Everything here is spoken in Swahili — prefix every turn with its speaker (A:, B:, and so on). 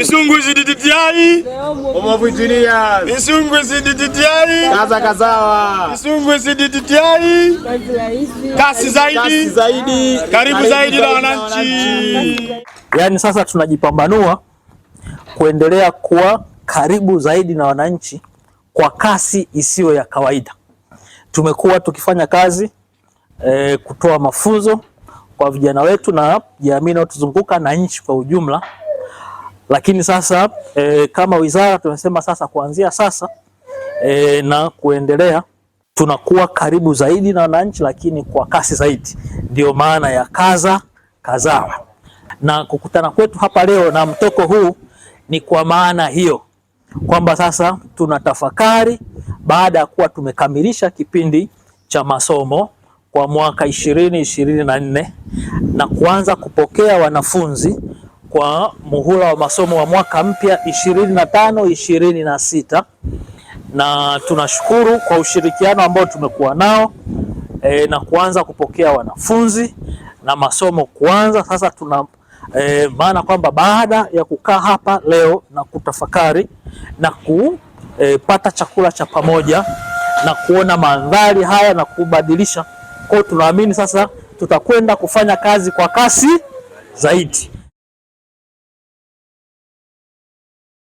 A: Misungwizi DDTI.
B: Omovu engineers.
A: Misungwizi DDTI.
B: Kaza kazawa.
A: Misungwizi DDTI. Kasi zaidi. Kasi zaidi. Karibu zaidi na wananchi.
C: Yaani sasa tunajipambanua kuendelea kuwa karibu zaidi na wananchi kwa kasi isiyo ya kawaida. Tumekuwa tukifanya kazi e, kutoa mafunzo kwa vijana wetu na jamii inayotuzunguka na nchi kwa ujumla. Lakini sasa e, kama wizara tumesema sasa kuanzia sasa e, na kuendelea tunakuwa karibu zaidi na wananchi, lakini kwa kasi zaidi. ndio maana ya kaza kazawa, na kukutana kwetu hapa leo na mtoko huu ni kwa maana hiyo kwamba sasa tunatafakari baada ya kuwa tumekamilisha kipindi cha masomo kwa mwaka ishirini ishirini na nne na kuanza kupokea wanafunzi kwa muhula wa masomo wa mwaka mpya 25 26, na tunashukuru kwa ushirikiano ambao tumekuwa nao e, na kuanza kupokea wanafunzi na masomo kuanza sasa. Tuna e, maana kwamba baada ya kukaa hapa leo na kutafakari na kupata e, chakula cha pamoja na kuona mandhari haya na kubadilisha kwao, tunaamini sasa tutakwenda kufanya kazi kwa kasi zaidi.